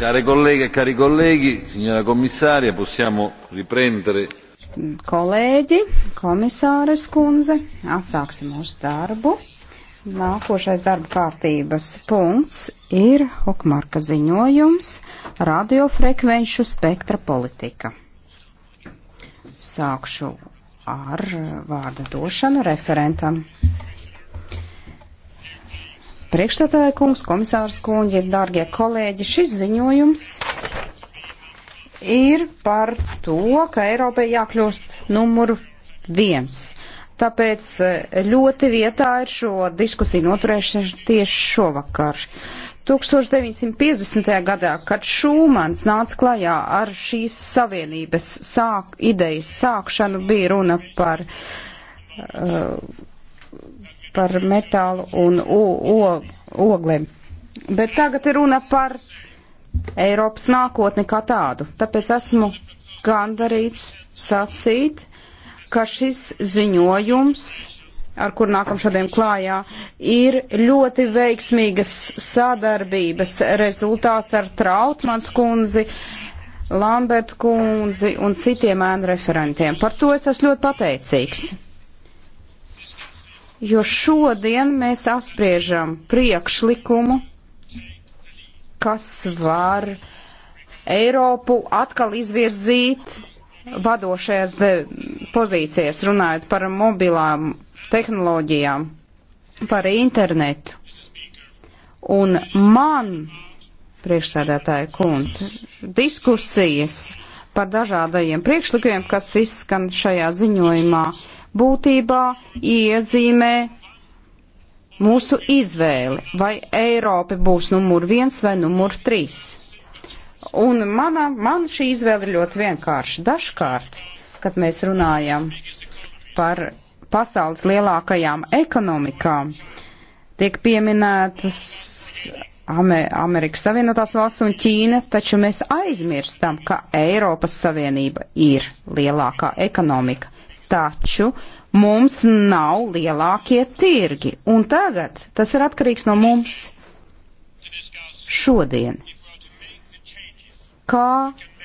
Care colleghe e cari colleghi, signora commissaria, possiamo riprendere. Kolēģi, komisāres kundze, atsāksim mūsu darbu. Nākošais darba kārtības punkts ir Hokmarka ziņojums - radiofrekvenšu spektra politika. Sākšu ar vārda došanu referentam. Priekšstādāja kungs, komisārs kungi, dārgie kolēģi, šis ziņojums ir par to, ka Eiropai jākļūst numuru viens. Tāpēc eh, ļoti vietā ir šo diskusiju noturēšana tieši šovakar. 1950. gadā, kad Šūmans nāca klajā ar šīs savienības sāk, idejas sākšanu, bija runa par uh, par metālu un ogliem. Bet tagad ir runa par Eiropas nākotni kā tādu. Tāpēc esmu gandarīts sacīt, ka šis ziņojums, ar kur nākam šodien klājā, ir ļoti veiksmīgas sadarbības rezultāts ar Trautmans kundzi, Lambert kundzi un citiem ēnu referentiem. Par to es esmu ļoti pateicīgs jo šodien mēs apspriežam priekšlikumu, kas var Eiropu atkal izvirzīt vadošajās pozīcijās, runājot par mobilām tehnoloģijām, par internetu. Un man, priekšsēdētāja kundz, diskusijas par dažādajiem priekšlikumiem, kas izskan šajā ziņojumā, uh, būtībā iezīmē mūsu izvēli, vai Eiropa būs numur viens vai numur trīs. Un mana, man šī izvēle ir ļoti vienkārša. Dažkārt, kad mēs runājam par pasaules lielākajām ekonomikām, tiek pieminētas Amerikas Savienotās valsts un Ķīna, taču mēs aizmirstam, ka Eiropas Savienība ir lielākā ekonomika taču mums nav lielākie tirgi. Un tagad tas ir atkarīgs no mums šodien. Kā,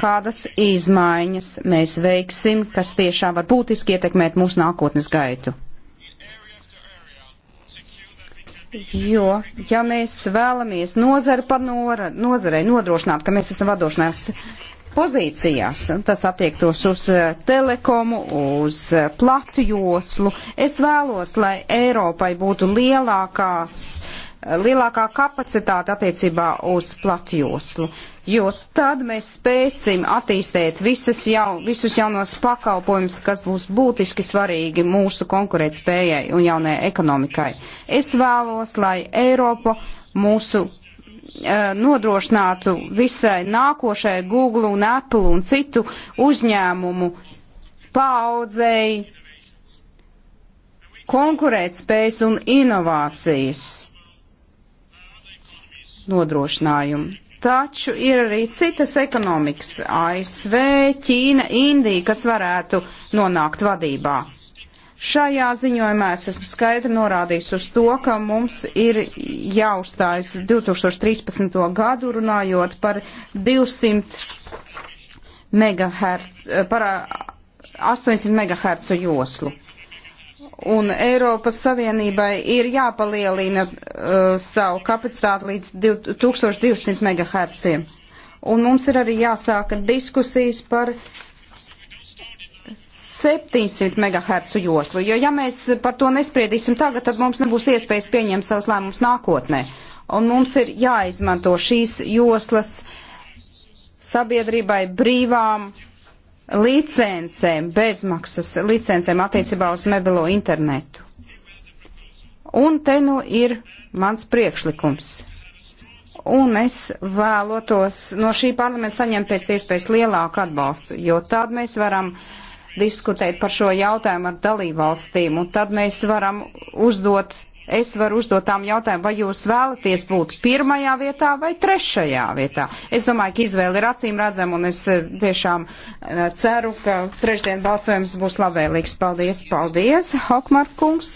kādas izmaiņas mēs veiksim, kas tiešām var būtiski ietekmēt mūsu nākotnes gaitu? Jo, ja mēs vēlamies nozari pa nora, nozarei nodrošināt, ka mēs esam vadošanās pozīcijās. Tas attiektos uz eh, telekomu, uz eh, platu joslu. Es vēlos, lai Eiropai būtu lielākās, eh, lielākā kapacitāte attiecībā uz platu joslu, jo tad mēs spēsim attīstīt visas jau, visus jaunos pakalpojumus, kas būs būtiski svarīgi mūsu konkurētspējai un jaunajai ekonomikai. Es vēlos, lai Eiropa mūsu Eh, nodrošinātu visai nākošai Google un Apple un citu uzņēmumu paaudzēji konkurētspējas un inovācijas nodrošinājumu. Taču ir arī citas ekonomikas - ASV, Ķīna, Indija, kas varētu nonākt vadībā. Šajā ziņojumā es esmu skaidri norādījis uz to, ka mums ir jāuzstājas 2013. gadu runājot par 200 MHz, eh, par 800 eh, MHz joslu. Un Eiropas Savienībai ir jāpalielina uh, savu kapacitāti līdz 1200 MHz. Un mums ir arī jāsāka diskusijas par uh, 700 MHz joslu, jo ja mēs par to nespriedīsim tagad, tad mums nebūs iespējas pieņemt savus lēmumus nākotnē. Un mums ir jāizmanto šīs joslas sabiedrībai brīvām licencēm, bezmaksas licencēm attiecībā uz mobilo internetu. Un te nu ir mans priekšlikums. Un es vēlotos no šī parlamenta saņemt pēc iespējas lielāku atbalstu, jo tad mēs varam uh, diskutēt par šo jautājumu ar dalībvalstīm, un tad mēs varam uzdot, es varu uzdot tām jautājumu, vai jūs vēlaties būt pirmajā vietā vai trešajā vietā. Es domāju, ka izvēle ir acīm redzama, un es eh, tiešām eh, ceru, ka trešdien balsojums būs labvēlīgs. Paldies, paldies, Hokmark kungs,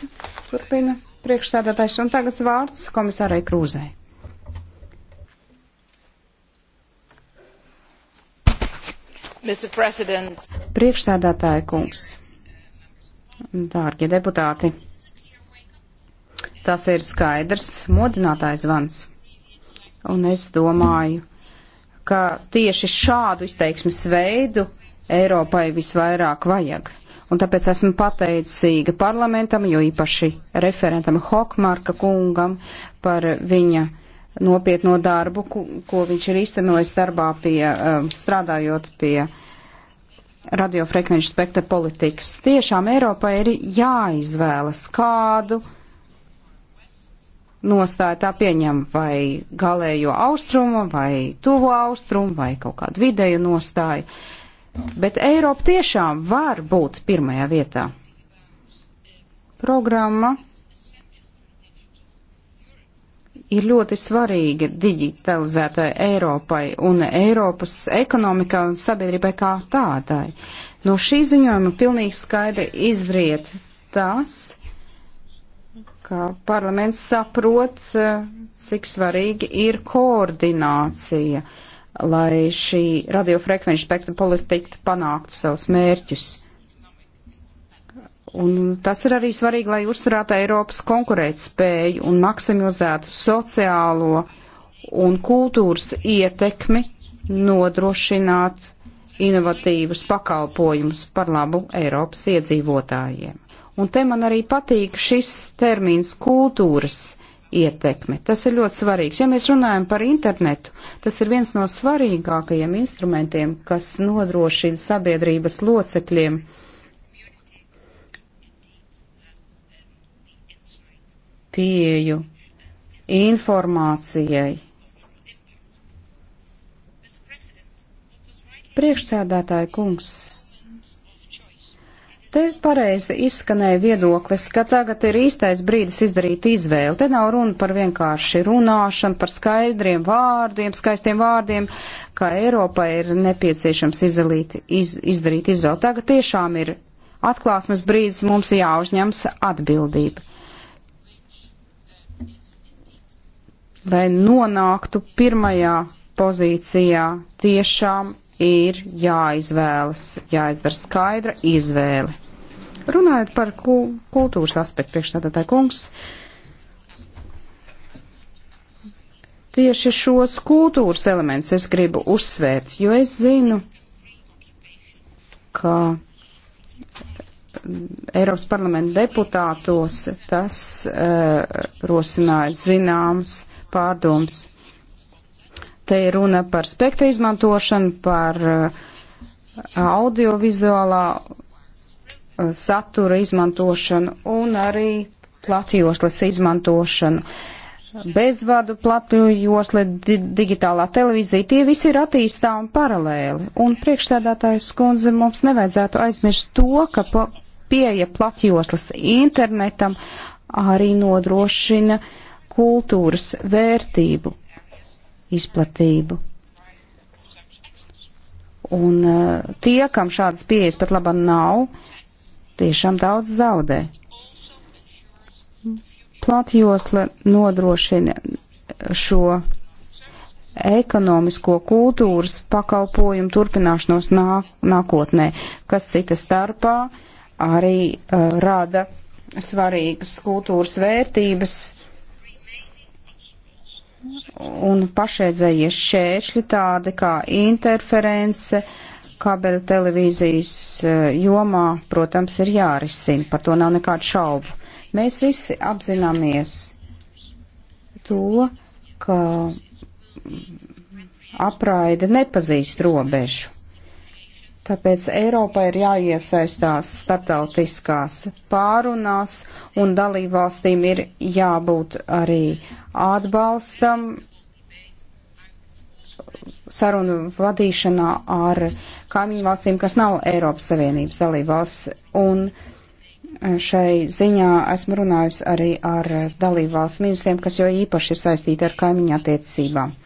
turpina priekšsēdētājs, un tagad vārds komisārai Krūzai. Priekšsēdētāja kungs, dārgie deputāti, tas ir skaidrs modinātājs vans. Un es domāju, ka tieši šādu izteiksmes veidu Eiropai visvairāk vajag. Un tāpēc esmu pateicīga parlamentam, jo īpaši referentam Hokmarka kungam par viņa nopietno darbu, ko, ko viņš ir īstenojis darbā pie, um, strādājot pie radiofrekvenču spektra politikas. Tiešām Eiropai ir jāizvēlas kādu nostāja tā pieņem vai galējo austrumu, vai tuvo austrumu, vai kaut kādu vidēju nostāju. Bet Eiropa tiešām var būt pirmajā vietā. Programma ir ļoti svarīga digitalizētai Eiropai un Eiropas ekonomikai un sabiedrībai kā tādai. No šī ziņojuma pilnīgi skaidri izriet tas, ka parlaments saprot, cik svarīgi ir koordinācija, lai šī radiofrekvenču spektra politika panāktu savus mērķus. Un tas ir arī svarīgi, lai uzturētu Eiropas konkurētspēju un maksimizētu sociālo un kultūras ietekmi nodrošināt inovatīvus pakalpojumus par labu Eiropas iedzīvotājiem. Un te man arī patīk šis termins kultūras ietekme. Tas ir ļoti svarīgs. Ja mēs runājam par internetu, tas ir viens no svarīgākajiem instrumentiem, kas nodrošina sabiedrības locekļiem pieju informācijai. Priekšsēdētāja kungs, te pareizi izskanēja viedoklis, ka tagad ir īstais brīdis izdarīt izvēli. Te nav runa par vienkārši runāšanu, par skaidriem vārdiem, skaistiem vārdiem, ka Eiropai ir nepieciešams izdalīt, iz, izdarīt izvēli. Tagad tiešām ir atklāsmes brīdis, mums jāuzņems atbildība. lai nonāktu pirmajā pozīcijā, tiešām ir jāizvēlas, jāizdara skaidra izvēle. Runājot par ku kultūras aspektu priekšstādātāja kungs, tieši šos kultūras elementus es gribu uzsvērt, jo es zinu, ka Eiropas parlamenta deputātos tas uh, rosināja zināms pārdoms. Te ir runa par spektra izmantošanu, par uh, audiovizuālā uh, satura izmantošanu un arī platjoslas izmantošanu. Bezvadu platjosla, di digitālā televīzija, tie visi ir attīstāmi paralēli. Un priekšsēdētājs skundze mums nevajadzētu aizmirst to, ka pieeja platjoslas internetam arī nodrošina uh, kultūras vērtību izplatību. Un uh, tie, kam šādas pieejas pat laba nav, tiešām daudz zaudē. Platjosla nodrošina šo ekonomisko kultūras pakalpojumu turpināšanos nā, nākotnē, kas cita starpā arī uh, rada svarīgas kultūras vērtības uh, un pašreizējie šķēršļi tādi kā interference kabeļu televīzijas e, jomā, protams, ir jārisina. Par to nav nekādu šaubu. Mēs visi apzināmies to, ka apraide nepazīst robežu. Tāpēc Eiropai ir jāiesaistās starptautiskās pārunās un dalībvalstīm ir jābūt arī atbalstam sarunu vadīšanā ar kaimiņu valstīm, kas nav Eiropas Savienības dalībvalsts. Un šai ziņā esmu runājusi arī ar dalībvalsts ministriem, kas jo īpaši ir saistīti ar kaimiņu attiecībām.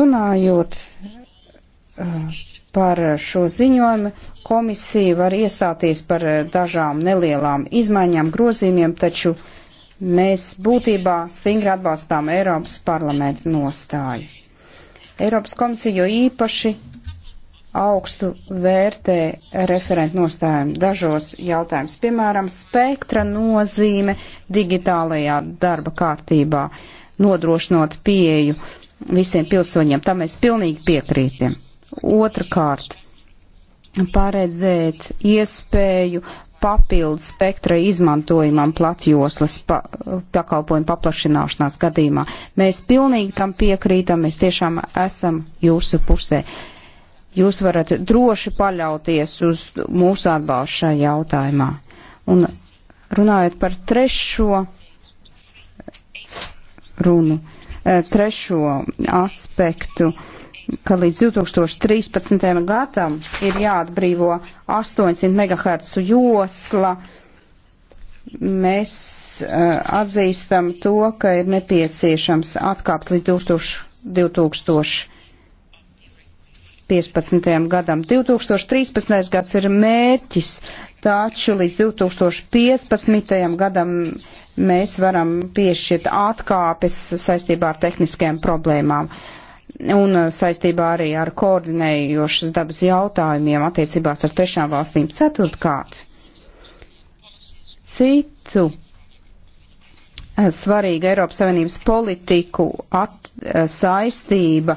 Runājot uh, par eh, šo ziņojumu. Komisija var iestāties par eh, dažām nelielām izmaiņām, grozījumiem, taču mēs būtībā stingri atbalstām Eiropas parlamentu nostāju. Eiropas komisija jo īpaši augstu vērtē referentu nostājumu dažos jautājumus, piemēram, spektra nozīme digitālajā darba kārtībā, nodrošinot pieeju visiem pilsoņiem. Tam mēs pilnīgi piekrītam. Otrakārt, paredzēt iespēju papildu spektra izmantojumam platjoslas pa, pakalpojumu paplašināšanās gadījumā. Mēs pilnīgi tam piekrītam, mēs tiešām esam jūsu pusē. Jūs varat droši paļauties uz mūsu atbalstu šajā jautājumā. Un runājot par trešo runu, eh, trešo aspektu, uh, ka līdz 2013. gadam ir jāatbrīvo 800 MHz josla. Mēs uh, atzīstam to, ka ir nepieciešams atkāps līdz 2000, 2015. gadam. 2013. gads ir mērķis, taču līdz 2015. gadam mēs varam piešķirt atkāpes saistībā ar tehniskajām problēmām. Uh, un uh, saistībā arī ar koordinējošas dabas jautājumiem attiecībās ar trešām valstīm. Ceturtkārt, citu uh, svarīgu Eiropas Savienības politiku at, uh, saistība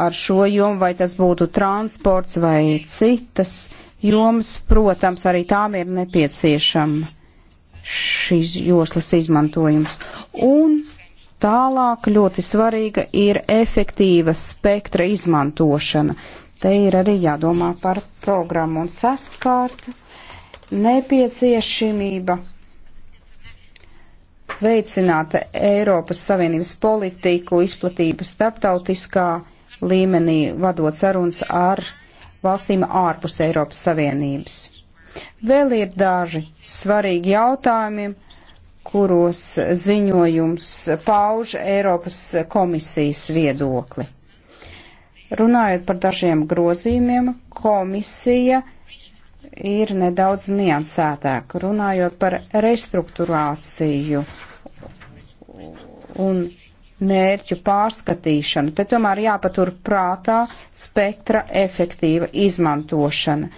ar šo jomu, vai tas būtu transports vai citas jomas, protams, arī tām ir nepieciešama šīs joslas izmantojums. Un Tālāk ļoti svarīga ir efektīva spektra izmantošana. Te ir arī jādomā par programmu un sastkārt nepieciešamība veicināt Eiropas Savienības politiku izplatību starptautiskā līmenī, vadot sarunas ar valstīm ārpus Eiropas Savienības. Vēl ir daži svarīgi jautājumi kuros ziņojums pauž Eiropas komisijas viedokli. Runājot par dažiem grozījumiem, komisija ir nedaudz niansētāk, runājot par restruktūrāciju un mērķu pārskatīšanu. Te tomēr jāpatur prātā spektra efektīva izmantošana.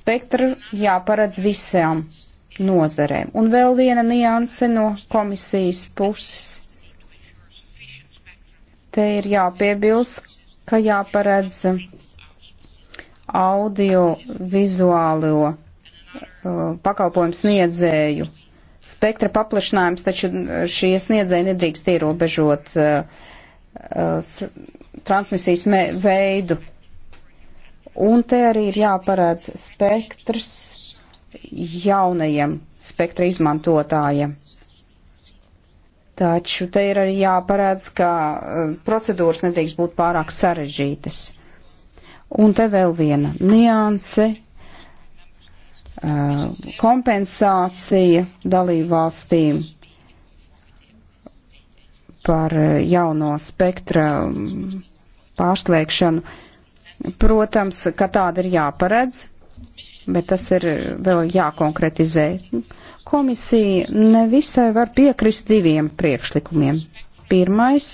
Spektru jāparedz visām nozarēm. Un vēl viena nianse no komisijas puses. Te ir jāpiebilst, ka jāparedz audio-vizuālo uh, pakalpojumu sniedzēju spektra paplašinājums, taču šie sniedzēji nedrīkst ierobežot uh, uh, transmisijas veidu. Un te arī ir jāparāds spektrs jaunajiem spektra izmantotājiem. Taču te ir arī jāparādz, ka eh, procedūras nedrīkst būt pārāk sarežģītas. Un te vēl viena nianse eh, - kompensācija dalībvalstīm par eh, jauno spektra mm, pārslēgšanu. Protams, ka tāda ir jāparedz, bet tas ir vēl jākonkretizē. Komisija nevisai var piekrist diviem priekšlikumiem. Pirmais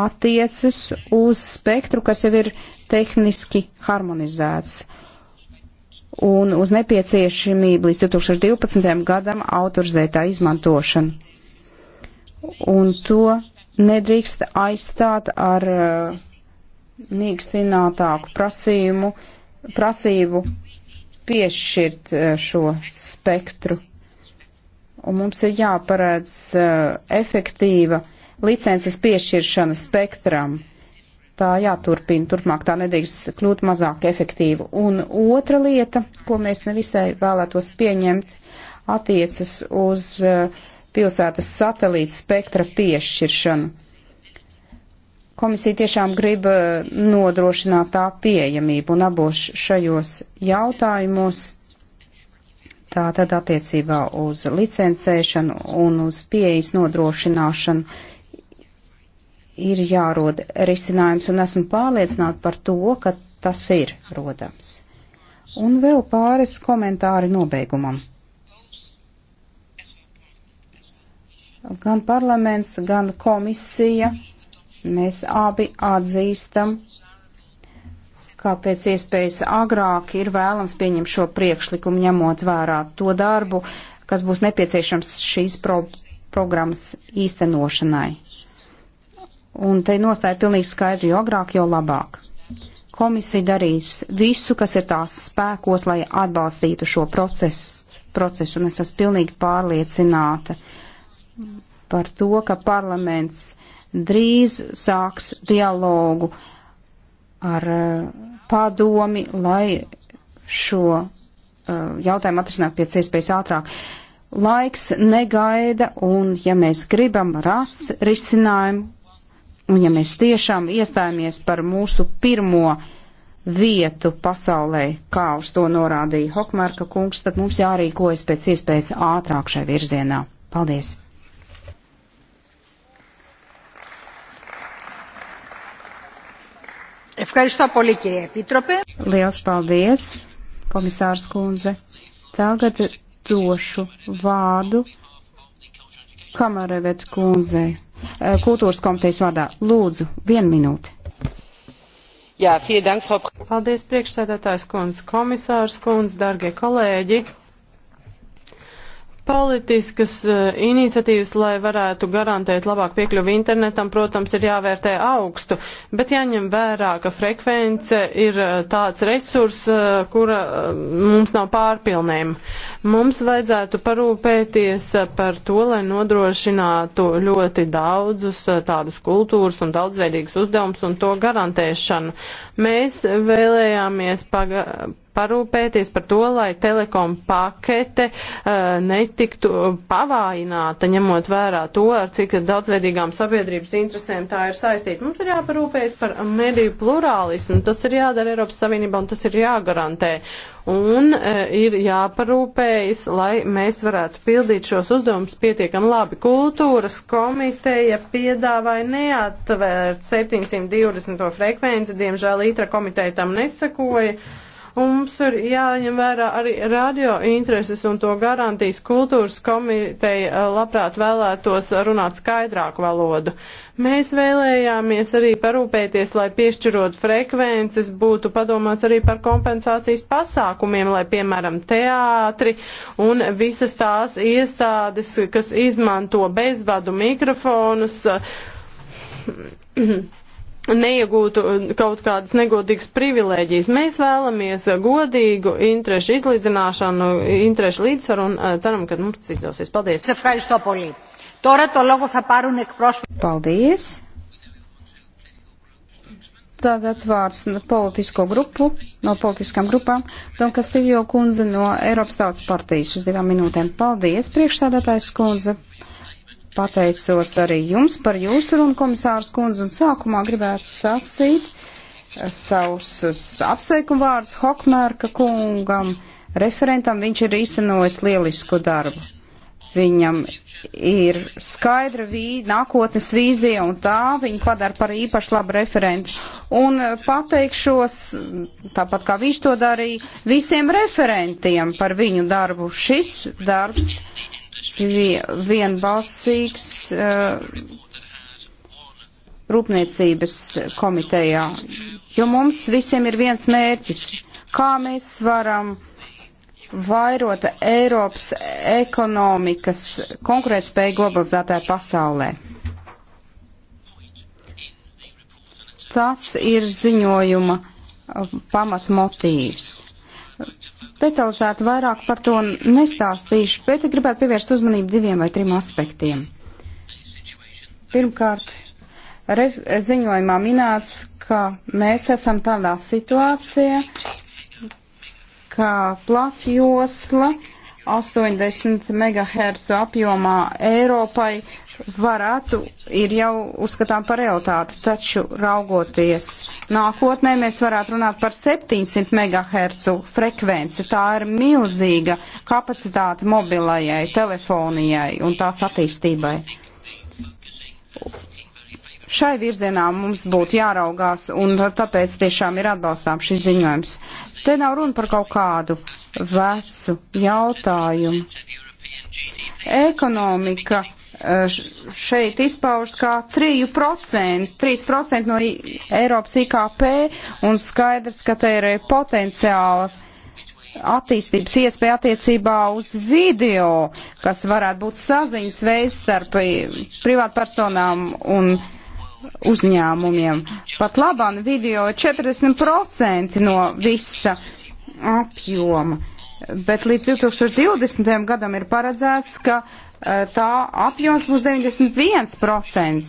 attiecas uz spektru, kas jau ir tehniski harmonizēts un uz nepieciešamību līdz 2012. gadam autorizētā izmantošana. Un to nedrīkst aizstāt ar uh, mīkstinātāku prasījumu, prasību piešķirt e, šo spektru. Un mums ir jāparādz e, efektīva licences piešķiršana spektram. Tā jāturpina, turpmāk tā nedrīkst kļūt mazāk efektīva. Un otra lieta, ko mēs nevisai vēlētos pieņemt, attiecas uz e, pilsētas satelīta spektra piešķiršanu komisija tiešām grib eh, nodrošināt tā pieejamību un abos šajos jautājumos, tātad attiecībā uz licencēšanu un uz pieejas nodrošināšanu, ir jārod risinājums, un esmu pārliecināta par to, ka tas ir rodams. Un vēl pāris komentāri nobeigumam. Gan parlaments, gan komisija. Mm Mēs abi atzīstam, kā pēc iespējas agrāk ir vēlams pieņemt šo priekšlikumu, ņemot vērā to darbu, kas būs nepieciešams šīs pro programmas īstenošanai. Un te nostāja pilnīgi skaidri, jo agrāk, jo labāk. Komisija darīs visu, kas ir tās spēkos, lai atbalstītu šo procesu, procesu un es esmu pilnīgi pārliecināta par to, ka parlaments drīz sāks dialogu ar eh, padomi, lai šo eh, jautājumu atrisināt pēc iespējas ātrāk. Laiks negaida, un ja mēs gribam rast risinājumu, un ja mēs tiešām iestājamies par mūsu pirmo vietu pasaulē, kā uz to norādīja Hokmārka kungs, tad mums jārīkojas pēc iespējas ātrāk šai virzienā. Paldies! Ευχαριστώ πολύ, κύριε Επίτροπε. Liels paldies, komisārs kundze. Tagad došu vārdu Kamarevet kundzei, eh, kultūras komitejas vārdā. Lūdzu, vienu minūti. Jā, dank, Frau... Paldies, priekšsēdētājs kundze, komisārs kundze, dargie kolēģi politiskas eh, iniciatīvas, lai varētu garantēt labāk piekļuvi internetam, protams, ir jāvērtē augstu, bet jāņem vērā, ka frekvence ir eh, tāds resurs, eh, kura mums nav pārpilnējama. Mums vajadzētu parūpēties par to, lai nodrošinātu ļoti daudzus tādus kultūras un daudzveidīgus uzdevumus un to garantēšanu. Mēs vēlējāmies pagaidīt parūpēties par to, lai telekom pakete uh, netiktu pavājināta, ņemot vērā to, ar cik daudzveidīgām sabiedrības interesēm tā ir saistīta. Mums ir jāparūpējas par mediju plurālismu, tas ir jādara Eiropas Savienībā un tas ir jāgarantē un uh, ir jāparūpējas, lai mēs varētu pildīt šos uzdevumus pietiekami labi. Kultūras komiteja piedāvāja neatvērt 720. frekvenci, diemžēl ITRA komiteja tam nesakoja. Uh, Mums ir jāņem vērā arī radio intereses un to garantijas kultūras komiteja eh, labprāt vēlētos runāt skaidrāku valodu. Mēs vēlējāmies arī parūpēties, lai piešķirot frekvences būtu padomāts arī par kompensācijas pasākumiem, lai piemēram teātri un visas tās iestādes, kas izmanto bezvadu mikrofonus, neiegūtu uh, kaut kādas negodīgas privilēģijas. Mēs vēlamies uh, godīgu interešu izlīdzināšanu, interešu līdzsvaru un uh, ceram, ka mums tas izdosies. Paldies! Paldies! Tagad vārds politisko grupu, no politiskām grupām. Tom Kastīvjo kundze no Eiropas tautas partijas uz divām minūtēm. Paldies, priekšstādātājs kundze, pateicos arī jums par jūsu runu, komisārs kundze, un sākumā gribētu sacīt eh, savus apsveikumu vārdus Hokmērka kungam, referentam, viņš ir īstenojis lielisku darbu. Viņam ir skaidra vī, nākotnes vīzija, un tā viņu padara par īpaši labu referentu. Un eh, pateikšos, tāpat kā viņš to darīja, visiem referentiem par viņu darbu. Šis darbs vienbalsīgs uh, rūpniecības komitejā, jo mums visiem ir viens mērķis, kā mēs varam vairot Eiropas ekonomikas konkurētspēju globalizētāju pasaulē. Tas ir ziņojuma uh, pamatmotīvs detalizēti vairāk par to nestāstīšu, bet gribētu pievērst uzmanību diviem vai trim aspektiem. Pirmkārt, re, ziņojumā minēts, ka mēs esam tādā situācijā, ka platjosla 80 MHz apjomā Eiropai varētu, ir jau uzskatām par realitāti, taču raugoties nākotnē, mēs varētu runāt par 700 MHz frekvenci. Tā ir milzīga kapacitāte mobilajai, telefonijai un tās attīstībai. Šai virzienā mums būtu jāraugās, un tāpēc tiešām ir atbalstām šis ziņojums. Te nav runa par kaut kādu vecu jautājumu. Ekonomika Eh, šeit izpaužas kā 3%, 3 no Eiropas IKP, un skaidrs, ka te ir potenciāla attīstības iespēja attiecībā uz video, kas varētu būt saziņas veids starp eh, privātpersonām un uzņēmumiem. Pat labam video ir 40% no visa apjoma, bet līdz 2020. gadam ir paredzēts, ka uh, Eh, tā apjoms būs 91%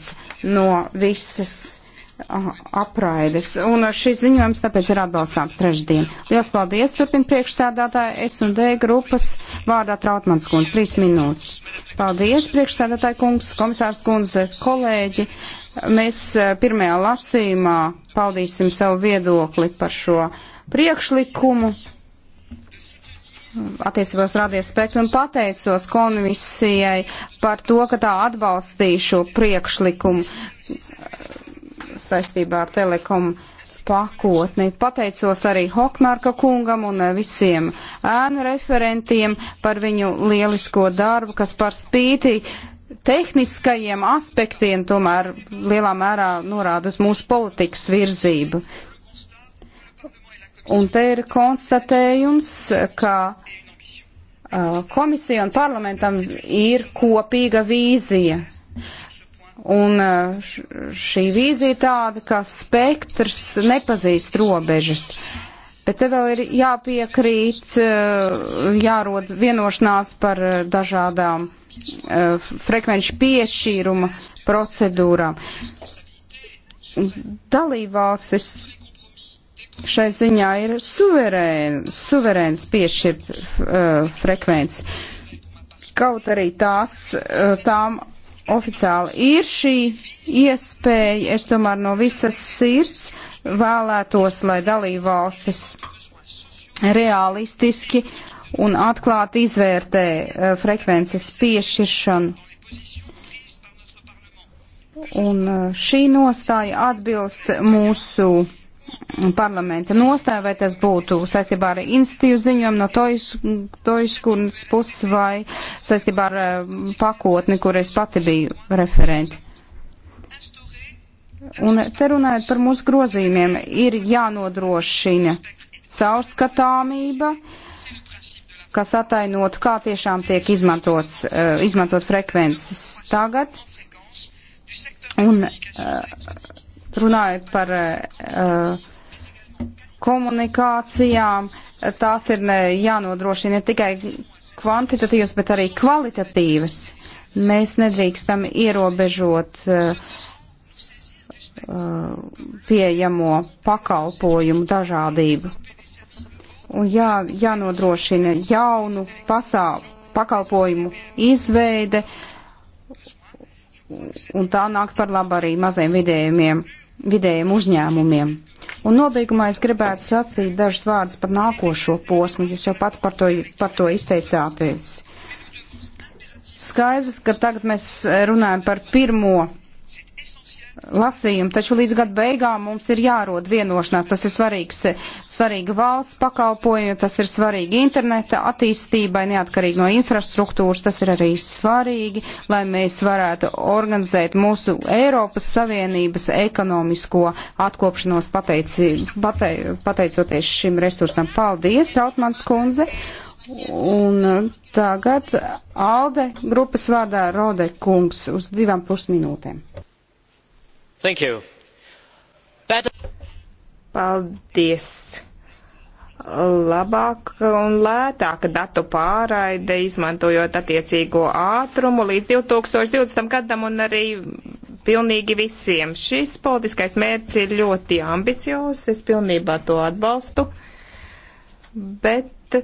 no visas eh, apraides. Un šis ziņojums tāpēc ir atbalstāms trešdien. Lielas paldies, turpina priekšsēdātāja S un D grupas vārdā Trautmans kundze. Trīs minūtes. Paldies, priekšsēdātāja kungs, komisārs kundze, kolēģi. Mēs eh, pirmajā lasījumā paudīsim savu viedokli par šo priekšlikumu attiecībos radies spektru un pateicos komisijai par to, ka tā atbalstīja šo priekšlikumu saistībā ar telekomu pakotni. Pateicos arī Hokmārka kungam un visiem ēnu referentiem par viņu lielisko darbu, kas par spīti tehniskajiem aspektiem tomēr lielā mērā norāda uz mūsu politikas virzību. Un te ir konstatējums, ka uh, komisija un parlamentam ir kopīga vīzija. Un uh, šī vīzija ir tāda, ka spektrs nepazīst robežas. Bet te vēl ir jāpiekrīt, uh, jārod vienošanās par dažādām frekvenču piešķīruma procedūrām. Dalībvalstis šai ziņā ir suverēns, suverēns piešķirt uh, frekvenci. Kaut arī tās, uh, tām oficiāli ir šī iespēja, es tomēr no visas sirds vēlētos, lai dalībvalstis realistiski un atklāti izvērtē uh, frekvences piešķiršanu. Un uh, šī nostāja atbilst mūsu parlamenta nostāja, vai tas būtu saistībā ar institīvu ziņojumu no Toiskunas puses vai saistībā ar um, pakotni, kur es pati biju referenti. Un te runājot par mūsu grozījumiem, ir jānodrošina caurskatāmība, kas atainot, kā tiešām tiek izmantots, uh, izmantot frekvences tagad. Un, uh, runājot par uh, komunikācijām, tās ir ne, jānodrošina ne tikai kvantitatīvas, bet arī kvalitatīvas. Mēs nedrīkstam ierobežot uh, pieejamo pakalpojumu dažādību. Un jā, jānodrošina jaunu pasā, pakalpojumu izveide, un tā nāk par labu arī maziem vidējumiem vidējiem uzņēmumiem. Un nobeigumā es gribētu sacīt dažus vārdus par nākošo posmu, jūs jau pat par to, par to izteicāties. Skaidrs, ka tagad mēs runājam par pirmo lasījumu, taču līdz gada beigām mums ir jārod vienošanās. Tas ir svarīgs, svarīgi valsts pakalpojumi, tas ir svarīgi interneta attīstībai, neatkarīgi no infrastruktūras, tas ir arī svarīgi, lai mēs varētu organizēt mūsu Eiropas Savienības ekonomisko atkopšanos pateici, pate, pateicoties šim resursam. Paldies, Trautmans kundze! Un tagad Alde grupas vārdā Rode kungs uz divām pusminūtēm. Paldies! Labāka un lētāka datu pārraide, izmantojot attiecīgo ātrumu līdz 2020. gadam un arī pilnīgi visiem. Šis politiskais mērķis ir ļoti ambiciozs, es pilnībā to atbalstu, bet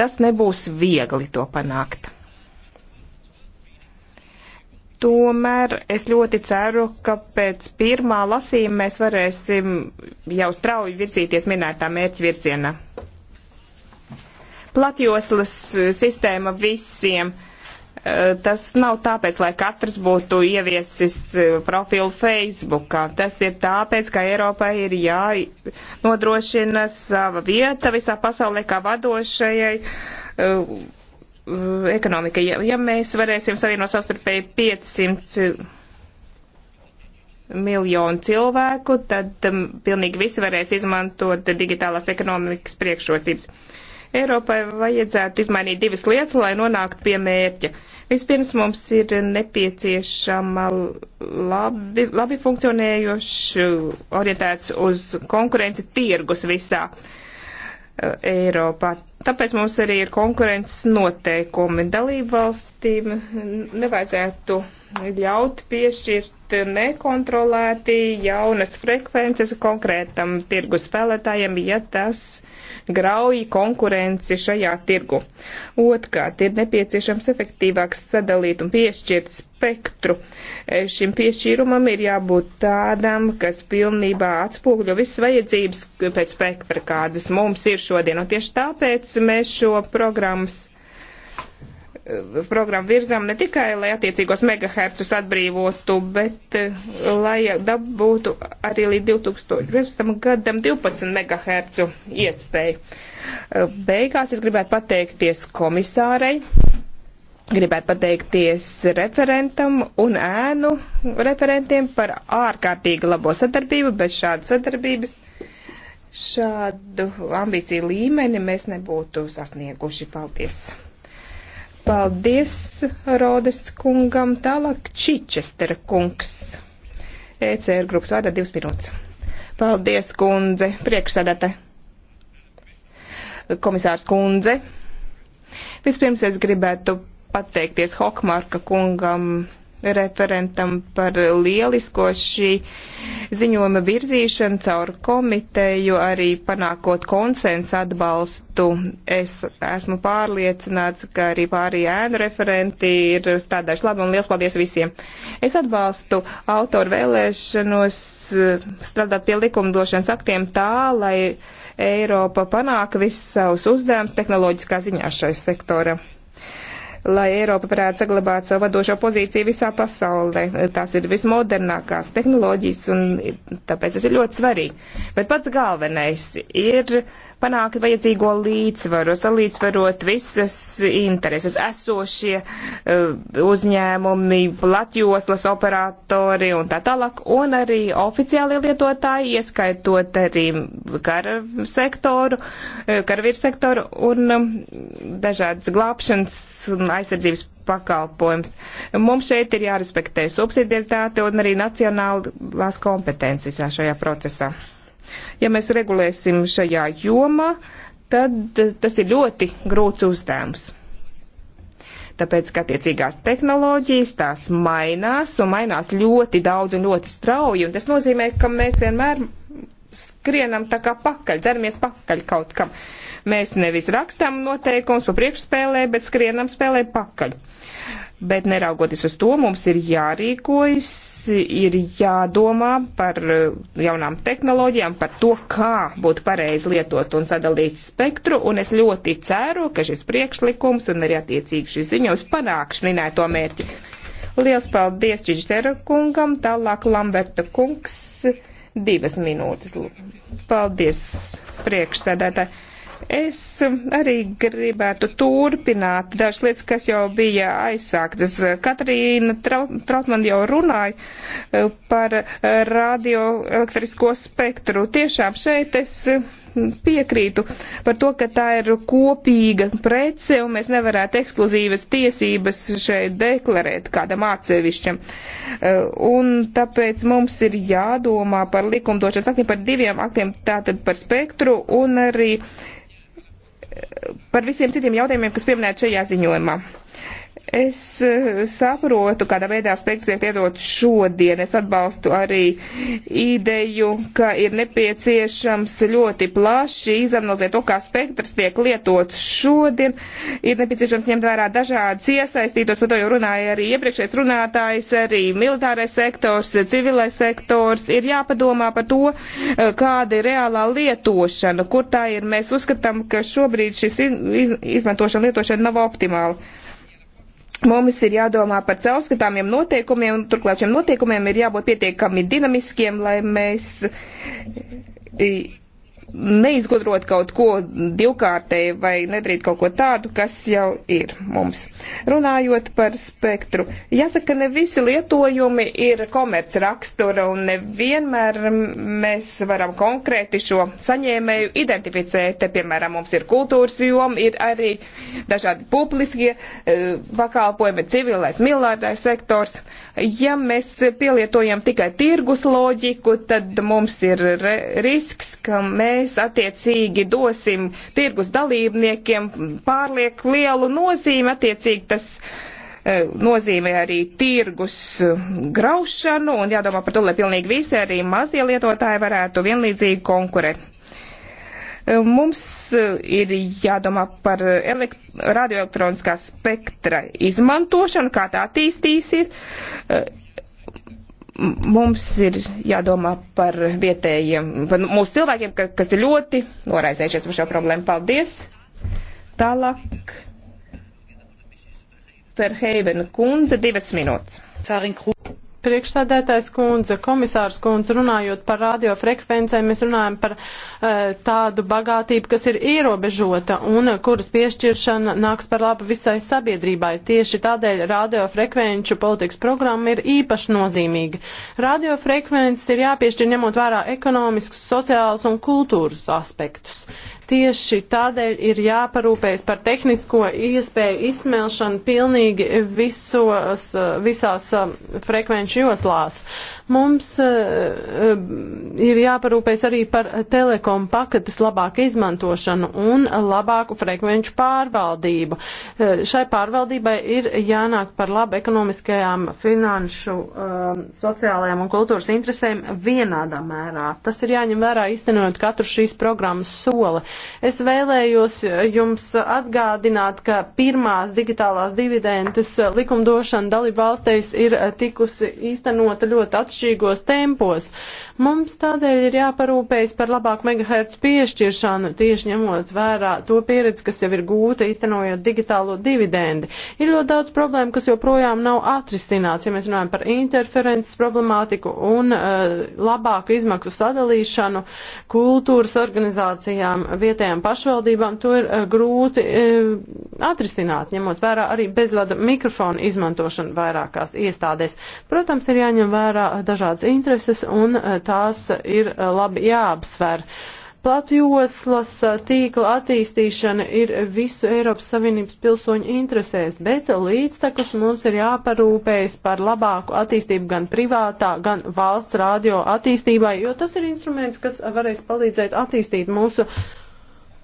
tas nebūs viegli to panākt. Tomēr es ļoti ceru, ka pēc pirmā lasījuma mēs varēsim jau strauji virzīties minētā mērķa virzienā. Platjoslas eh, sistēma visiem. Eh, tas nav tāpēc, lai katrs būtu ieviesis eh, profilu Facebookā. Tas ir tāpēc, ka Eiropai ir jānodrošina sava vieta visā pasaulē kā vadošajai Uh, ekonomika. Ja, ja mēs varēsim savienot savstarpēji 500 miljonu cilvēku, tad um, pilnīgi visi varēs izmantot digitālās ekonomikas priekšrocības. Eiropai vajadzētu izmainīt divas lietas, lai nonāktu pie mērķa. Vispirms mums ir nepieciešama labi, labi funkcionējoša, orientēts uz konkurenci tirgus visā uh, Eiropā. Tāpēc mums arī ir konkurences noteikumi. Dalību valstīm nevajadzētu ļaut piešķirt nekontrolēti jaunas frekvences konkrētam tirgus spēlētājiem, ja tas grauji konkurenci šajā tirgu. Otkārt, ir nepieciešams efektīvāks sadalīt un piešķirt spektru. E, šim piešķīrumam ir jābūt tādam, kas pilnībā atspūgļo visas vajadzības pēc spektra, kādas mums ir šodien. Un tieši tāpēc mēs šo programmas programmu virzām ne tikai, lai attiecīgos megahertus atbrīvotu, bet eh, lai dabūtu arī līdz 2011. gadam 12 megahercu iespēju. Eh, beigās es gribētu pateikties komisārei, gribētu pateikties referentam un ēnu referentiem par ārkārtīgi labo sadarbību, bez šādas sadarbības šādu ambīciju līmeni mēs nebūtu sasnieguši. Paldies! Paldies Rodes kungam, tālāk Čičester kungs. ECR grupas vārdā divas minūtes. Paldies, kundze, priekšsēdētāji. Komisārs kundze. Vispirms es gribētu pateikties Hokmarka kungam referentam par lielisko šī ziņojuma virzīšanu caur komiteju, arī panākot konsensu atbalstu. Es esmu pārliecināts, ka arī pārējie ēnu referenti ir strādājuši labi un liels paldies visiem. Es atbalstu autoru vēlēšanos eh, strādāt pie likumdošanas aktiem tā, lai Eiropa panāk visus savus uzdevumus tehnoloģiskā ziņā šai sektoram lai Eiropa varētu saglabāt savu vadošo pozīciju visā pasaulē. Tās ir vismodernākās tehnoloģijas, un tāpēc tas ir ļoti svarīgi. Bet pats galvenais ir panākt vajadzīgo līdzsvaru, salīdzvarot visas intereses. Esošie eh, uzņēmumi, platjoslas operatori un tā tālāk, un arī oficiālie lietotāji, ieskaitot arī kara sektoru, eh, karavīru sektoru un um, dažādas glābšanas un aizsardzības pakalpojums. Mums šeit ir jārespektē subsidiaritāte un arī nacionālās kompetences šajā procesā. Ja mēs regulēsim šajā jomā, tad tas ir ļoti grūts uzdevums. Tāpēc, ka attiecīgās tehnoloģijas tās mainās un mainās ļoti daudz un ļoti strauji, un tas nozīmē, ka mēs vienmēr skrienam tā kā pakaļ, dzeramies pakaļ kaut kam. Mēs nevis rakstam noteikums pa priekšspēlē, bet skrienam spēlē pakaļ. Uh, Bet neraugoties uz to, mums ir jārīkojas, ir jādomā par eh, jaunām tehnoloģijām, par to, kā būtu pareizi lietot un sadalīt spektru, un es ļoti ceru, ka šis priekšlikums un arī attiecīgi šis ziņos panāks minēto mērķi. Liels paldies Čiģitera kungam, tālāk Lamberta kungs, divas minūtes. Paldies priekšsēdētāji. Es um, arī gribētu turpināt dažas lietas, kas jau bija aizsāktas. Katrīna Trautman jau runāja uh, par uh, radioelektrisko spektru. Tiešām šeit es um, piekrītu par to, ka tā ir kopīga prece un mēs nevarētu ekskluzīvas tiesības šeit deklarēt kādam atsevišķam. Uh, un tāpēc mums ir jādomā par likumdošanas aktiem, par diviem aktiem, tātad par spektru un arī uh, par visiem citiem jautājumiem, kas pieminēti šajā ziņojumā. Es eh, saprotu, kādā veidā spektrs tiek iedot šodien. Es atbalstu arī ideju, ka ir nepieciešams ļoti plaši izanalizēt to, kā spektrs tiek lietots šodien. Ir nepieciešams ņemt vērā dažādas iesaistītos, par to jau runāja arī iepriekšējais runātājs, arī militārais sektors, civilais sektors. Ir jāpadomā par to, eh, kāda ir reālā lietošana, kur tā ir. Mēs uzskatām, ka šobrīd šis iz, iz, izmantošana lietošana nav optimāla. Mums ir jādomā par caurskatāmiem noteikumiem, un turklāt šiem noteikumiem ir jābūt pietiekami dinamiskiem, lai mēs neizgudrot kaut ko divkārtēji vai nedarīt kaut ko tādu, kas jau ir mums. Runājot par spektru, jāsaka, ne visi lietojumi ir komerc rakstura un nevienmēr mēs varam konkrēti šo saņēmēju identificēt. Te, piemēram, mums ir kultūras joma, ir arī dažādi publiskie e, pakalpojumi, civilais, milārais sektors. Ja mēs pielietojam tikai tirgus loģiku, tad mums ir risks, ka mēs mēs attiecīgi dosim tirgus dalībniekiem pārlieku lielu nozīmi, attiecīgi tas e, nozīmē arī tirgus e, graušanu un jādomā par to, lai pilnīgi visi arī mazie lietotāji varētu vienlīdzīgi konkurēt. E, mums ir jādomā par radioelektroniskā spektra izmantošanu, kā tā attīstīsies mums ir jādomā par vietējiem, par mūsu cilvēkiem, ka, kas ir ļoti noraizējušies par šo problēmu. Paldies! Tālāk. Ferheivena kundze, divas minūtes. Priekšsēdētājs kundze, komisārs kundze, runājot par radiofrekvencēm, mēs runājam par uh, tādu bagātību, kas ir ierobežota un eh, kuras piešķiršana nāks par labu visai sabiedrībai. Tieši tādēļ radiofrekvenču politikas programma ir īpaši nozīmīga. Radiofrekvences ir jāpiešķir ņemot vērā ekonomiskus, sociālus un kultūras aspektus. Tieši tādēļ ir jāparūpējas par tehnisko iespēju izsmelšanu pilnīgi visos, visās um, frekvenču joslās. Uh, Mums eh, eh, ir jāparūpēs arī par telekom paketes labāku izmantošanu un labāku frekvenču pārvaldību. Eh, šai pārvaldībai ir jānāk par labu ekonomiskajām, finanšu, sociālajām un kultūras interesēm vienādā mērā. Tas ir jāņem vērā iztenojot katru šīs programmas soli. Es vēlējos jums atgādināt, ka pirmās digitālās dividendes likumdošana dalību valstīs ir tikusi īstenota ļoti atšķirīga atšķirīgos tempos. Mums tādēļ ir jāparūpējas par labāku megahertz piešķiršanu, tieši ņemot vērā to pieredzi, kas jau ir gūta, iztenojot digitālo dividendi. Ir ļoti daudz problēmu, kas joprojām nav atrisināts, ja mēs runājam par interferences problemātiku un uh, labāku izmaksu sadalīšanu kultūras organizācijām, vietējām pašvaldībām. To ir uh, grūti uh, atrisināt, ņemot vērā arī bezvada mikrofonu izmantošanu vairākās iestādēs. Protams, ir jāņem vērā dažādas intereses un uh, tās ir eh, labi jāapsver. Platjoslas eh, tīkla attīstīšana ir visu Eiropas Savienības pilsoņu interesēs, bet līdztekus mums ir jāparūpējas par labāku attīstību gan privātā, gan valsts radio attīstībai, jo tas ir instruments, kas varēs palīdzēt attīstīt mūsu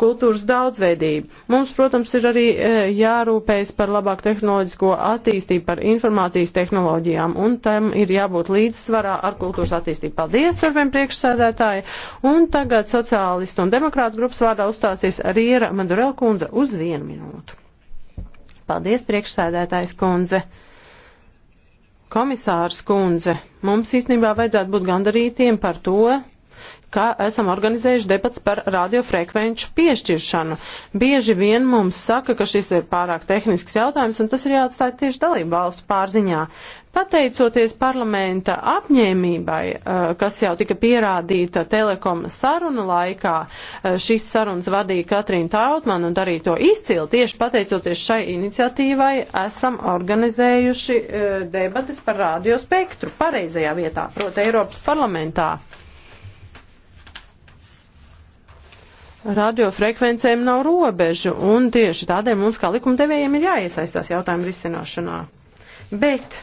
kultūras daudzveidību. Mums, protams, ir arī e, jārūpējas par labāku tehnoloģisko attīstību, par informācijas tehnoloģijām, un tam ir jābūt līdzsvarā ar kultūras attīstību. Paldies, turpiem priekšsēdētāji, un tagad sociālistu un demokrātu grupas vārdā uzstāsies Riera Madurel kundze uz vienu minūtu. Paldies, priekšsēdētājs kundze. Komisārs kundze, mums īstenībā vajadzētu būt gandarītiem par to, ka esam organizējuši debats par radiofrekvenču piešķiršanu. Bieži vien mums saka, ka šis ir pārāk tehnisks jautājums, un tas ir jāatstāj tieši dalību valstu pārziņā. Pateicoties parlamenta apņēmībai, eh, kas jau tika pierādīta telekom saruna laikā, eh, šīs sarunas vadīja Katrīna Tautman un darīja to izcili. Tieši pateicoties šai iniciatīvai, esam organizējuši eh, debatas par radiospektru pareizajā vietā, proti Eiropas parlamentā. radiofrekvencēm nav robežu, un tieši tādēļ mums kā likumdevējiem ir jāiesaistās jautājumu risināšanā. Bet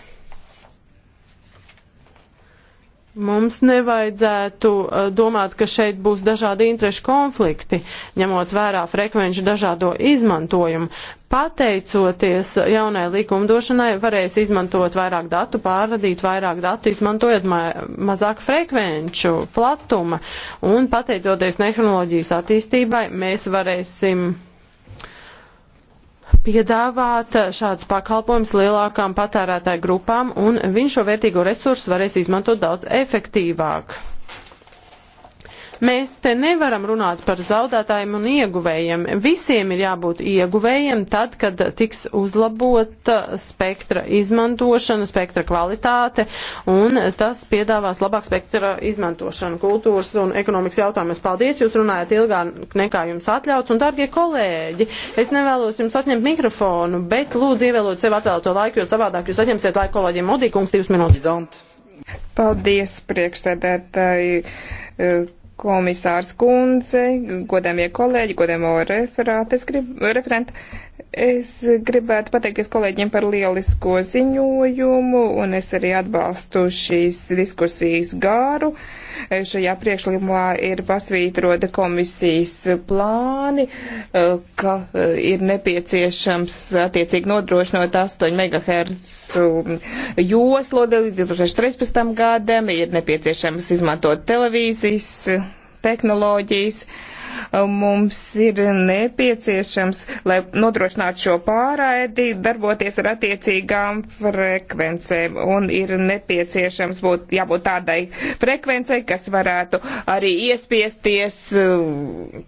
Mums nevajadzētu eh, domāt, ka šeit būs dažādi interešu konflikti, ņemot vērā frekvenču dažādo izmantojumu. Pateicoties jaunai likumdošanai, varēs izmantot vairāk datu, pārradīt vairāk datu, izmantojot ma mazāk frekvenču platuma. Un pateicoties tehnoloģijas attīstībai, mēs varēsim piedāvāt šāds pakalpojums lielākām patērētāju grupām, un viņš šo vērtīgo resursu varēs izmantot daudz efektīvāk. Mēs te nevaram runāt par zaudētājiem un ieguvējiem. Visiem ir jābūt ieguvējiem tad, kad tiks uzlabota spektra izmantošana, spektra kvalitāte, un tas piedāvās labāk spektra izmantošanu kultūras un ekonomikas jautājumus. Paldies, jūs runājat ilgāk nekā jums atļauts, un dārgie kolēģi, es nevēlos jums atņemt mikrofonu, bet lūdzu ievērot sev atvēlēto laiku, jo savādāk jūs atņemsiet laiku kolēģiem Modīkungs divas minūtes. Paldies, priekšsēdētāji komisārs kundze, godamie kolēģi, godamo referāti, es gribu, referentu, Es gribētu pateikties kolēģiem par lielisko ziņojumu, un es arī atbalstu šīs diskusijas gāru. Šajā priekšlikumā ir pasvītrota komisijas plāni, eh, ka eh, ir nepieciešams attiecīgi nodrošinot 8 MHz joslodi līdz 2013. gadam, ir nepieciešams izmantot televīzijas eh, tehnoloģijas. Uh, mums ir nepieciešams, lai nodrošinātu šo pārraidi, darboties ar attiecīgām frekvencēm. Un ir nepieciešams būt, jābūt tādai frekvencei, kas varētu arī iespiesties uh,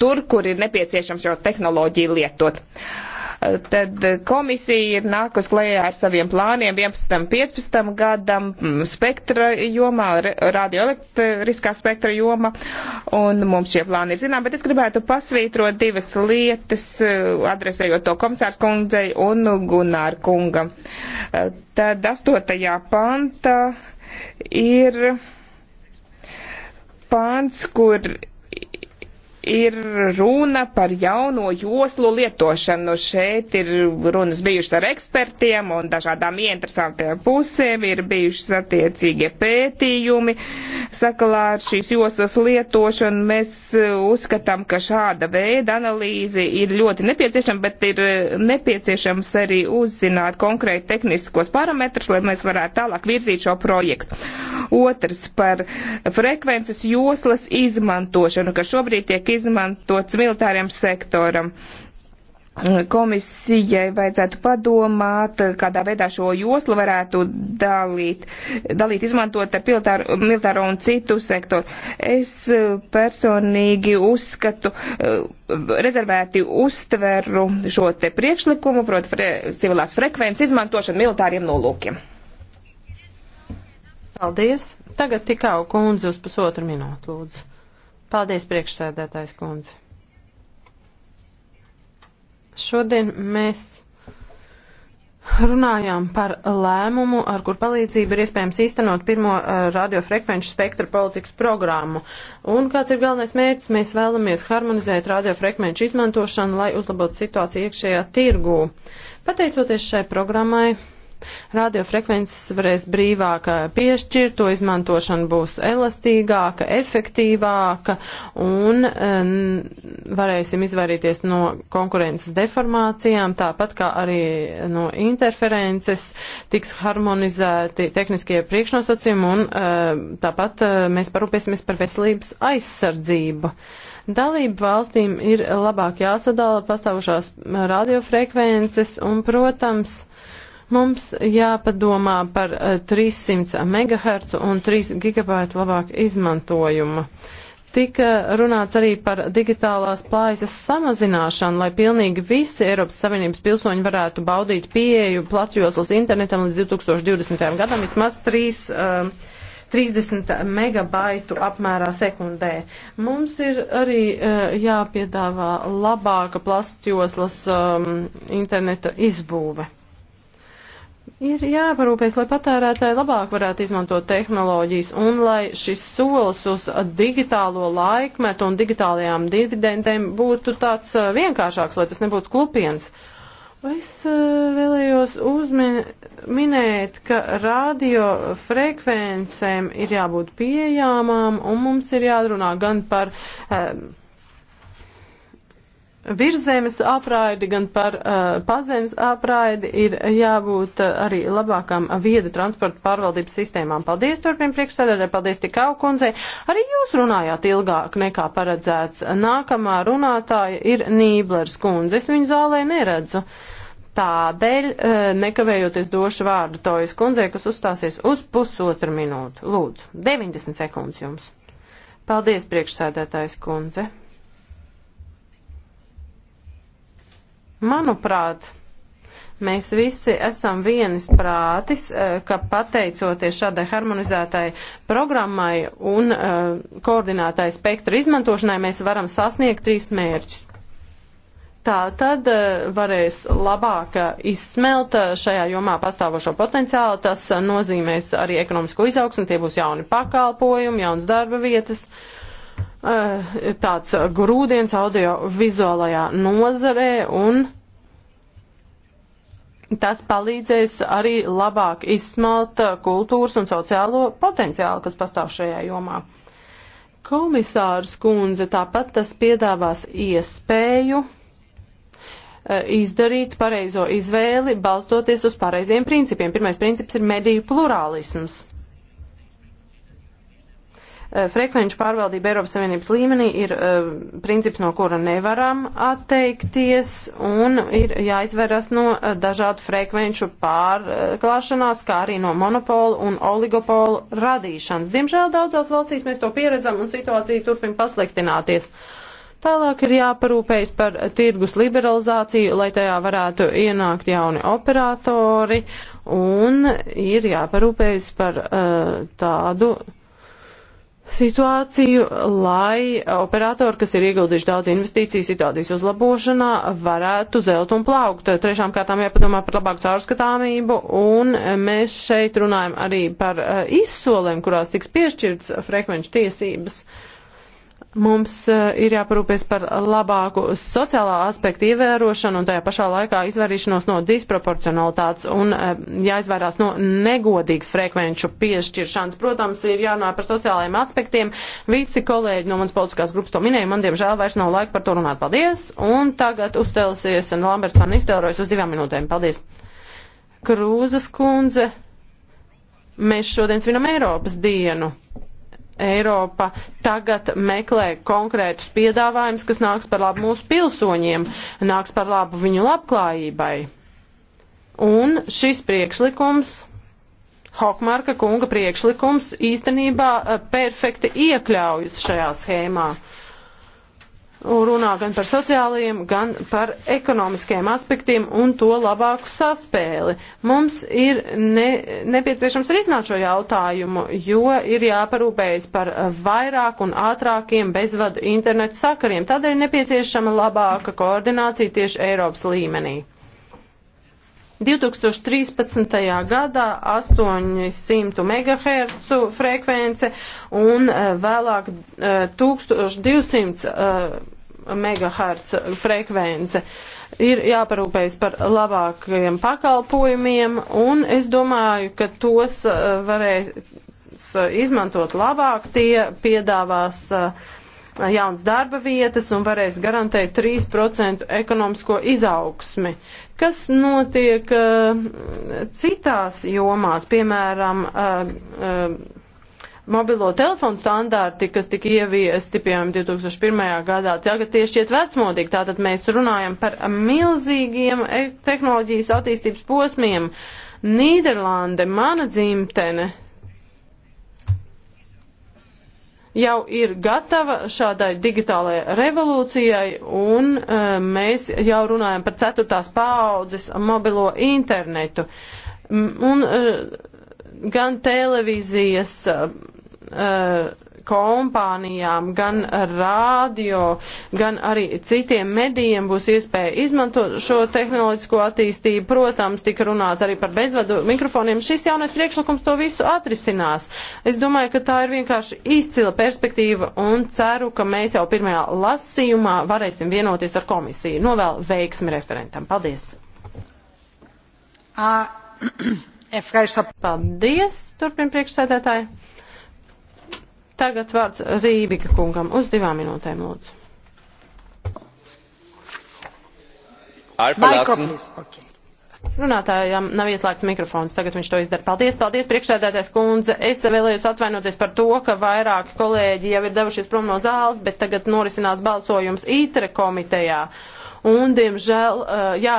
tur, kur ir nepieciešams šo tehnoloģiju lietot. Uh, Tad komisija ir nākus klējā ar saviem plāniem 11. un 15. gadam mm, spektra jomā, radioelektriskā spektra joma, un mums šie plāni ir zinām, bet es gribētu pasvītrot divas lietas, eh, adresējot to komisārs kundzei un Gunāru kungam. Eh, tad 8. panta ir pants, kur ir runa par jauno joslu lietošanu. Šeit ir runas bijušas ar ekspertiem un dažādām ieinteresantiem pusēm, ir bijušas attiecīgie pētījumi. Sakalā ar šīs joslas lietošanu mēs e, uzskatām, ka šāda veida analīze ir ļoti nepieciešama, bet ir e, nepieciešams arī uzzināt konkrēti tehniskos parametrus, lai mēs varētu tālāk virzīt šo projektu. Otrs par frekvences joslas izmantošanu, kas šobrīd tiek tiek izmantots militāriem sektoram. Komisijai vajadzētu padomāt, kādā veidā šo joslu varētu dalīt, dalīt izmantot ar militāro, militāro un citu sektoru. Es eh, personīgi uzskatu, eh, rezervēti uztveru šo te priekšlikumu, proti, fre, civilās frekvences izmantošanu militāriem nolūkiem. Paldies! Tagad tikau kundze uz pusotru minūtu, lūdzu. Paldies, priekšsēdētājs kundze. Šodien mēs runājām par lēmumu, ar kur palīdzību ir iespējams īstenot pirmo uh, radiofrekvenču spektra politikas programmu. Un kāds ir galvenais mērķis? Mēs vēlamies harmonizēt radiofrekvenču izmantošanu, lai uzlabotu situāciju iekšējā tirgū. Pateicoties šai programmai, Radiofrekvences varēs brīvāk eh, piešķirt, to izmantošana būs elastīgāka, efektīvāka un um, varēsim izvairīties no konkurences deformācijām, tāpat kā arī no interferences tiks harmonizēti tehniskie priekšnosacījumi un um, tāpat uh, mēs parūpēsimies par veselības aizsardzību. Dalību valstīm ir labāk jāsadala pastāvošās radiofrekvences un, protams, Mums jāpadomā par 300 eh, MHz un 3 GB labāk izmantojuma. Tika runāts arī par digitālās plājas samazināšanu, lai pilnīgi visi Eiropas Savienības pilsoņi varētu baudīt pieeju platjoslas internetam līdz 2020. gadam vismaz 3, uh, 30 megabaitu apmērā sekundē. Mums ir arī uh, jāpiedāvā labāka platjoslas um, eh, interneta izbūve. Ir jāparūpēs, lai patērētāji labāk varētu izmantot tehnoloģijas un lai šis solis uz digitālo laikmetu un digitālajām dividendēm būtu tāds vienkāršāks, lai tas nebūtu klupiens. Es vēlējos uzminēt, ka radiofrekvencēm ir jābūt pieejāmām un mums ir jādrunā gan par. Eh, virzemes apraidi, gan par uh, pazemes apraidi ir jābūt uh, arī labākām vieda transporta pārvaldības sistēmām. Paldies, turpin priekšsēdētāji, paldies tikau kundzei. Arī jūs runājāt ilgāk nekā paredzēts. Nākamā runātāja ir Nīblers kundze. Es viņu zālē neredzu. Tādēļ, uh, nekavējoties došu vārdu Tojas kundzei, kas uzstāsies uz pusotru minūtu. Lūdzu, 90 sekundes jums. Paldies, priekšsēdētājs kundze. Manuprāt, mēs visi esam vienis prātis, eh, ka pateicoties šādai harmonizētai programmai un eh, koordinētai spektru izmantošanai, mēs varam sasniegt trīs mērķus. Tā tad eh, varēs labāk izsmelt šajā jomā pastāvošo potenciālu. Tas nozīmēs arī ekonomisko izaugsmu, tie būs jauni pakalpojumi, jauns darba vietas. Uh, Eh, tāds grūdienis audio-vizuālajā nozarē un tas palīdzēs arī labāk izsmelt kultūras un sociālo potenciālu, kas pastāv šajā jomā. Komisārs kundze tāpat tas piedāvās iespēju eh, izdarīt pareizo izvēli, balstoties uz pareiziem principiem. Pirmais princips ir mediju plurālisms. Eh, frekvenču pārvaldība Eiropas Savienības līmenī ir eh, princips, no kura nevaram atteikties, un ir jāizveras no eh, dažādu frekvenču pārklāšanās, kā arī no monopolu un oligopolu radīšanas. Diemžēl daudzās valstīs mēs to pieredzam, un situācija turpina pasliktināties. Tālāk ir jāparūpējas par tirgus liberalizāciju, lai tajā varētu ienākt jauni operatori, un ir jāparūpējas par uh, tādu uh, situāciju, lai operatori, kas ir ieguldījuši daudz investīciju situācijas uzlabošanā, varētu zelt un plaukt. Trešām kārtām jāpadomā par labāku caurskatāmību, un mēs šeit runājam arī par eh, izsolēm, kurās tiks piešķirts frekvenču tiesības. Uh, Mums eh, ir jāparūpēs par labāku sociālā aspektu ievērošanu un tajā pašā laikā izvairīšanos no disproporcionalitātes un eh, jāizvairās no negodīgas frekvenču piešķiršanas. Protams, ir jārunā par sociālajiem aspektiem. Visi kolēģi no manas politiskās grupas to minēja, man diemžēl vairs nav laika par to runāt. Paldies! Un tagad uzstelsies Lamberts van Nistelrojas uz divām minūtēm. Paldies! Krūzas kundze, mēs šodien svinam Eiropas dienu. Eiropa tagad meklē konkrētus piedāvājumus, kas nāks par labu mūsu pilsoņiem, nāks par labu viņu labklājībai. Un šis priekšlikums Hokmarka kunga priekšlikums īstenībā eh, perfekti iekļaujas šajā schēmā runā gan par sociālajiem, gan par ekonomiskajiem aspektiem un to labāku saspēli. Mums ir ne, nepieciešams risināt šo jautājumu, jo ir jāparūpējas par vairāk un ātrākiem bezvadu internetu sakariem. Tādēļ nepieciešama labāka koordinācija tieši Eiropas līmenī. 2013. gadā 800 MHz frekvence un e, vēlāk 1200 e, e, MHz frekvence. Ir jāparūpējas par labākajiem pakalpojumiem, un es domāju, ka tos varēs izmantot labāk, tie piedāvās uh, jauns darba vietas un varēs garantēt 3% ekonomisko izaugsmi. Kas notiek eh, citās jomās, piemēram, eh, eh, mobilo telefonu standarti, kas tika ieviesti, piemēram, 2001. gadā, tagad tieši šķiet vecmodīgi. Tātad mēs runājam par milzīgiem tehnoloģijas attīstības posmiem. Nīderlande, mana dzimtene, jau ir gatava šādai digitālajai revolūcijai, un uh, mēs jau runājam par ceturtās paaudzes mobilo internetu. Un uh, gan televīzijas. Uh, uh, kompānijām, gan radio, gan arī citiem medijiem būs iespēja izmantot šo tehnoloģisko attīstību. Protams, tika runāts arī par bezvadu mikrofoniem. Šis jaunais priekšlikums to visu atrisinās. Es domāju, ka tā ir vienkārši izcila perspektīva un ceru, ka mēs jau pirmajā lasījumā varēsim vienoties ar komisiju. Novēl nu, veiksmi referentam. Paldies! Ah, Paldies, turpina priekšsēdētāji. Tagad vārds Rībika kungam uz divām minūtēm lūdzu. Okay. Runātājām nav ieslēgts mikrofons, tagad viņš to izdara. Paldies, paldies, priekšsēdētājs kundze. Es vēlējos atvainoties par to, ka vairāki kolēģi jau ir devušies prom no zāles, bet tagad norisinās balsojums ITRE komitejā. Un, diemžēl, jā,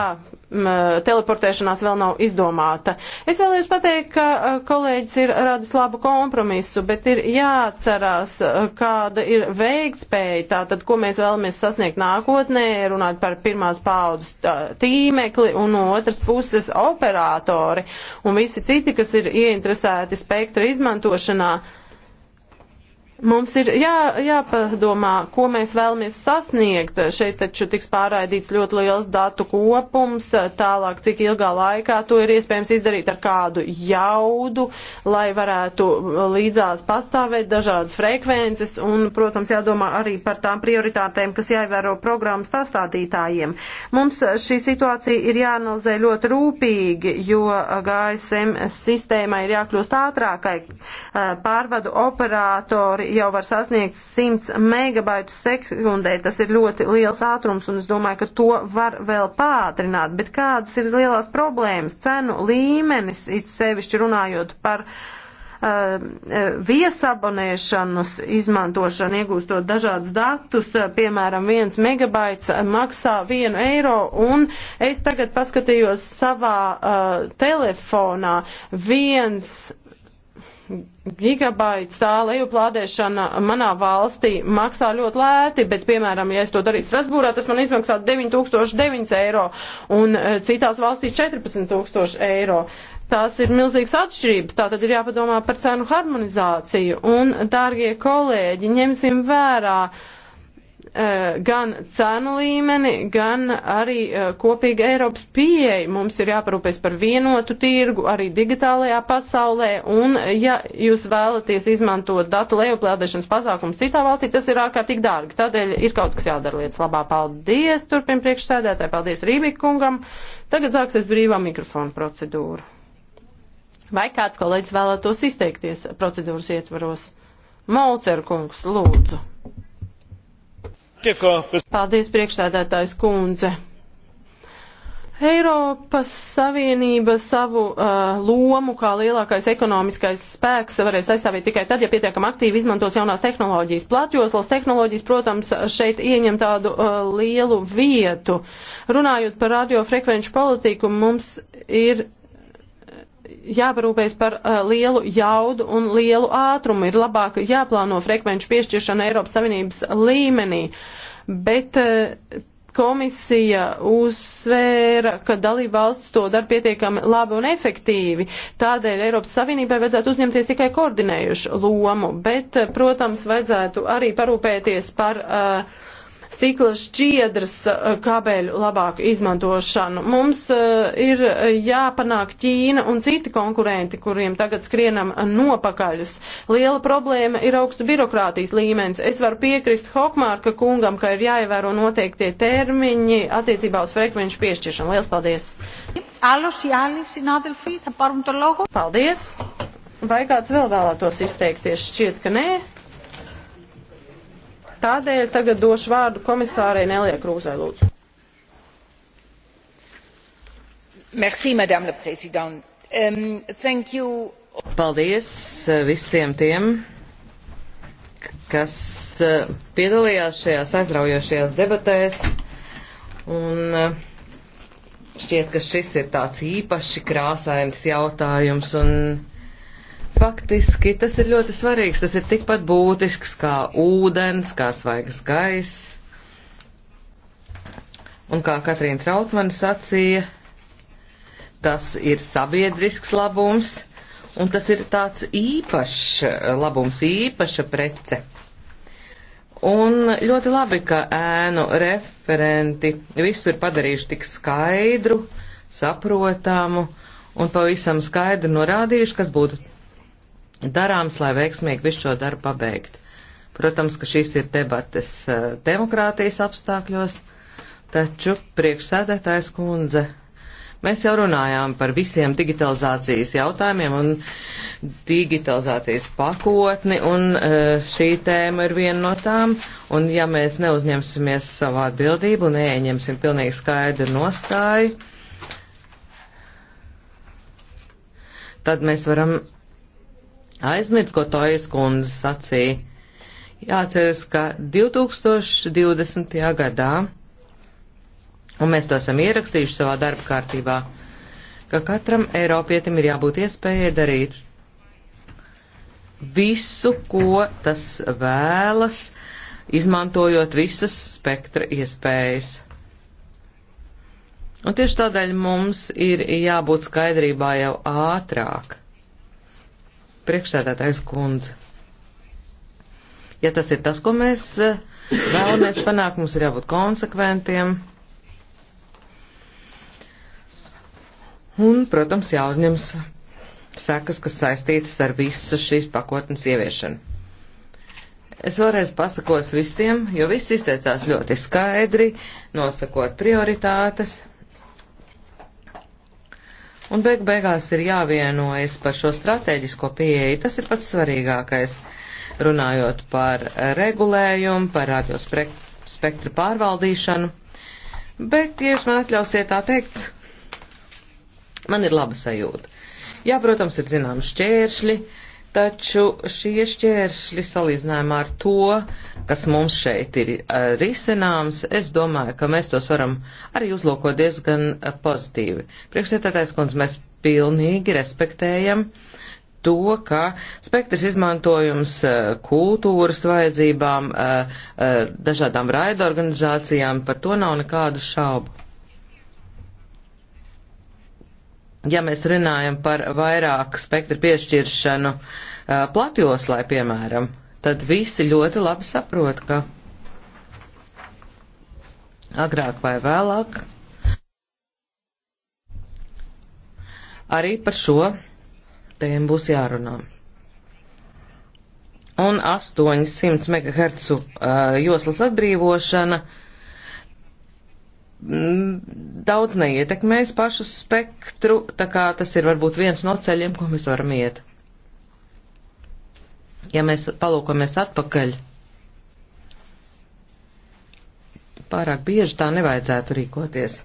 teleportēšanās vēl nav izdomāta. Es vēlējos pateikt, ka kolēģis ir radis labu kompromisu, bet ir jāatcerās, kāda ir veiktspēja, tātad, ko mēs vēlamies sasniegt nākotnē, runāt par pirmās paudzes tīmekli un no otras puses operatori un visi citi, kas ir ieinteresēti spektra izmantošanā Mums ir jā, jāpadomā, ko mēs vēlamies sasniegt. Šeit taču tiks pārraidīts ļoti liels datu kopums, tālāk cik ilgā laikā to ir iespējams izdarīt ar kādu jaudu, lai varētu līdzās pastāvēt dažādas frekvences un, protams, jādomā arī par tām prioritātēm, kas jāievēro programmas sastādītājiem. Mums šī situācija ir jāanalizē ļoti rūpīgi, jo GSM sistēmai ir jākļūst ātrākai. Pārvadu operātori jau var sasniegt 100 megabaitu sekundē. Tas ir ļoti liels ātrums, un es domāju, ka to var vēl pātrināt. Bet kādas ir lielās problēmas? Cenu līmenis, it sevišķi runājot par uh, viesabonēšanas izmantošanu, iegūstot dažādus datus, uh, piemēram, viens megabaits uh, maksā vienu eiro, un es tagad paskatījos savā uh, telefonā viens gigabaits tā lejuplādēšana manā valstī maksā ļoti lēti, bet, piemēram, ja es to darītu Strasbūrā, tas man izmaksā 9009 eiro un e, citās valstīs 14000 eiro. Tās ir milzīgas atšķirības, tā tad ir jāpadomā par cenu harmonizāciju. Un, dārgie kolēģi, ņemsim vērā, uh, Eh, gan cenu līmeni, gan arī eh, kopīga Eiropas pieeja. Mums ir jāparūpēs par vienotu tirgu arī digitālajā pasaulē, un ja jūs vēlaties izmantot datu lejuplādēšanas pasākums citā valstī, tas ir ārkārtīgi dārgi. Tādēļ ir kaut kas jādara lietas labā. Paldies, turpin priekšsēdētāji, paldies Rībikungam. Tagad sāksies brīvā mikrofona procedūra. Vai kāds kolēģis vēlētos izteikties procedūras ietvaros? Maucer kungs, lūdzu. Paldies, priekšstādātājs kundze. Eiropas Savienība savu uh, lomu kā lielākais ekonomiskais spēks varēs aizstāvīt tikai tad, ja pietiekam aktīvi izmantos jaunās tehnoloģijas. Platjoslas tehnoloģijas, protams, šeit ieņem tādu uh, lielu vietu. Runājot par radiofrekvenču politiku, mums ir jāparūpējas par uh, lielu jaudu un lielu ātrumu. Ir labāk jāplāno frekvenču piešķiršana Eiropas Savienības līmenī. Bet uh, komisija uzsvēra, ka dalība valsts to dara pietiekami labi un efektīvi. Tādēļ Eiropas Savienībai vajadzētu uzņemties tikai koordinējušu lomu. Bet, uh, protams, vajadzētu arī parūpēties par. Uh, stikla šķiedras eh, kabeļu labāku izmantošanu. Mums eh, ir eh, jāpanāk Ķīna un citi konkurenti, kuriem tagad skrienam nopakaļus. Liela problēma ir augsts birokrātijas līmenis. Es varu piekrist Hokmārka kungam, ka ir jāievēro noteiktie termiņi attiecībā uz frekvenču piešķiršanu. Liels paldies! Άλλος ή άλλοι συνάδελφοι θα πάρουν το λόγο. Paldies! Vai kāds vēl vēlētos izteikties? Šķiet, ka nē. Tādēļ tagad došu vārdu komisārei Nelie Krūzai, lūdzu. Merci, madame la présidente. Um, thank you. Paldies uh, visiem tiem, kas uh, piedalījās šajās aizraujošajās debatēs. Un uh, šķiet, ka šis ir tāds īpaši krāsains jautājums. Un Faktiski tas ir ļoti svarīgs, tas ir tikpat būtisks kā ūdens, kā svaigs gaiss. Un kā Katrīna Trautmane sacīja, tas ir sabiedrisks labums, un tas ir tāds īpašs eh, labums, īpaša prece. Un ļoti labi, ka ēnu referenti visu ir padarījuši tik skaidru, saprotamu un pavisam skaidri norādījuši, kas būtu darāms, lai veiksmīgi visu šo darbu pabeigtu. Protams, ka šīs ir debates eh, demokrātijas apstākļos, taču priekšsēdētājs kundze, mēs jau runājām par visiem digitalizācijas jautājumiem un digitalizācijas pakotni, un eh, šī tēma ir viena no tām, un ja mēs neuzņemsimies savu atbildību un neieņemsim pilnīgi skaidru nostāju, tad mēs varam aizmirst, ko to aizkundze sacīja. Jāceras, ka 2020. gadā, un mēs to esam ierakstījuši savā darba kārtībā, ka katram Eiropietim ir jābūt iespējai darīt visu, ko tas vēlas, izmantojot visas spektra iespējas. Un tieši tādēļ mums ir jābūt skaidrībā jau ātrāk priekšsēdētājs kundze. Ja tas ir tas, ko mēs eh, vēlamies panākt, mums ir jābūt konsekventiem. Un, protams, jāuzņems sekas, kas saistītas ar visu šīs pakotnes ieviešanu. Es vēlreiz pasakos visiem, jo viss izteicās ļoti skaidri, nosakot prioritātes. Un beig beigās ir jāvienojas par šo strateģisko pieeju. Tas ir pats svarīgākais, runājot par regulējumu, par radiospektra pārvaldīšanu. Bet, ja jūs man atļausiet tā teikt, man ir laba sajūta. Jā, protams, ir zināms šķēršļi, uh, Taču šie šķēršļi salīdzinājumā ar to, kas mums šeit ir uh, risināms, es domāju, ka mēs tos varam arī uzlūkot diezgan uh, pozitīvi. Priekšsētātais kundze, mēs pilnīgi respektējam to, ka spektrs izmantojums uh, kultūras vajadzībām, dažādām raidorganizācijām, par to nav nekādu šaubu. ja mēs runājam par vairāku spektru piešķiršanu platjoslai, piemēram, tad visi ļoti labi saprot, ka agrāk vai vēlāk arī par šo tēmu būs jārunā. Un 800 MHz joslas atbrīvošana uh, Mm, daudz neietekmēs pašu spektru, tā kā tas ir varbūt viens no ceļiem, ko mēs varam iet. Ja mēs palūkojamies atpakaļ, pārāk bieži tā nevajadzētu rīkoties.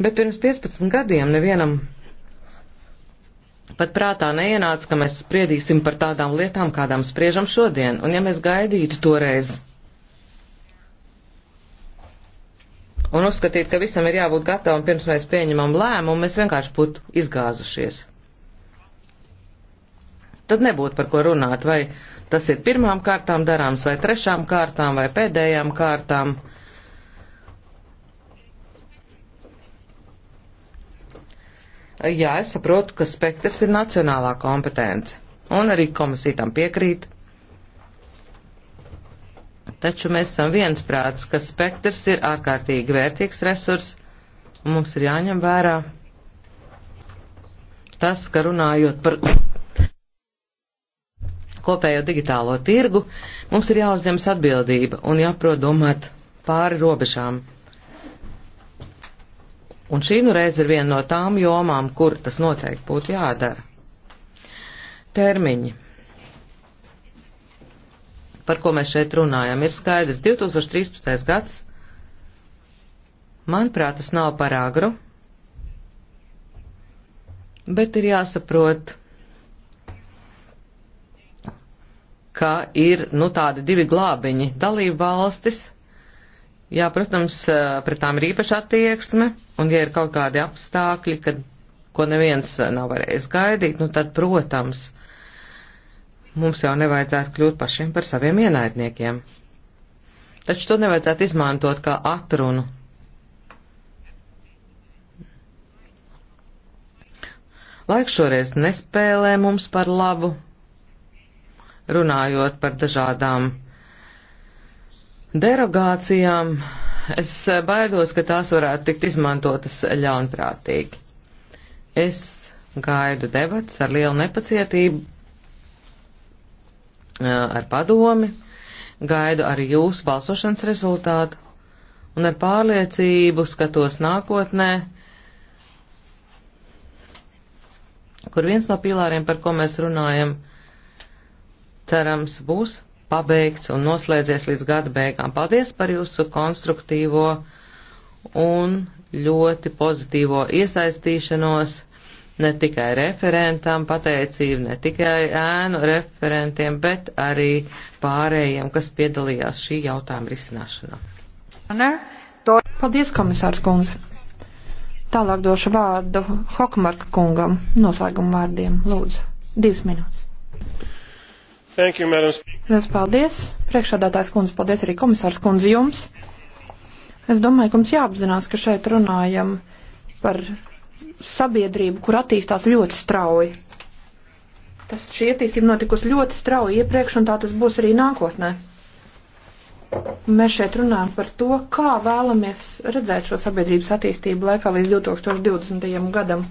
Bet pirms 15 gadiem nevienam pat prātā neienāca, ka mēs spriedīsim par tādām lietām, kādām spriežam šodien, un ja mēs gaidītu toreiz un uzskatīt, ka visam ir jābūt gatavam pirms mēs pieņemam lēmumu, mēs vienkārši būtu izgāzušies. Tad nebūtu par ko runāt, vai tas ir pirmām kārtām darāms, vai trešām kārtām, vai pēdējām kārtām. Jā, es saprotu, ka spektrs ir nacionālā kompetence, un arī komisija tam piekrīt taču mēs esam viensprāts, ka spektrs ir ārkārtīgi vērtīgs resurs, un mums ir jāņem vērā tas, ka runājot par kopējo digitālo tirgu, mums ir jāuzņemas atbildība un jāprot domāt pāri robežām. Un šī nu reiz ir viena no tām jomām, kur tas noteikti būtu jādara. Termiņi par ko mēs šeit runājam, ir skaidrs. 2013. gads, manuprāt, tas nav par agru, bet ir jāsaprot, ka ir, nu, tādi divi glābiņi - dalība valstis. Jā, protams, pret tām ir īpaša attieksme, un ja ir kaut kādi apstākļi, kad, ko neviens nav varējis gaidīt, nu, tad, protams, Mums jau nevajadzētu kļūt pašiem par saviem ienaidniekiem. Taču to nevajadzētu izmantot kā atrunu. Laiks šoreiz nespēlē mums par labu, runājot par dažādām derogācijām, es baidos, ka tās varētu tikt izmantotas ļaunprātīgi. Es gaidu debats ar lielu nepacietību, Eh, ar padomi, gaidu arī jūsu balsošanas rezultātu un ar pārliecību skatos nākotnē, kur viens no pīlāriem, par ko mēs runājam, cerams, būs pabeigts un noslēdzies līdz gada beigām. Paldies par jūsu konstruktīvo un ļoti pozitīvo iesaistīšanos ne tikai referentam pateicību, ne tikai ēnu referentiem, bet arī pārējiem, kas piedalījās šī jautājuma risināšanā. Paldies, komisārs kundze. Tālāk došu vārdu Hokmarka kungam noslēguma vārdiem. Lūdzu, divas minūtes. Thank you, madam. Liels paldies. Priekšādātājs kundze, paldies arī komisārs kundze jums. Es domāju, ka mums jāapzinās, ka šeit runājam par sabiedrību, kur attīstās ļoti strauji. Tas šī attīstība notikusi ļoti strauji iepriekš, un tā tas būs arī nākotnē. Mēs šeit runājam par to, kā vēlamies redzēt šo sabiedrības attīstību laikā līdz 2020. gadam.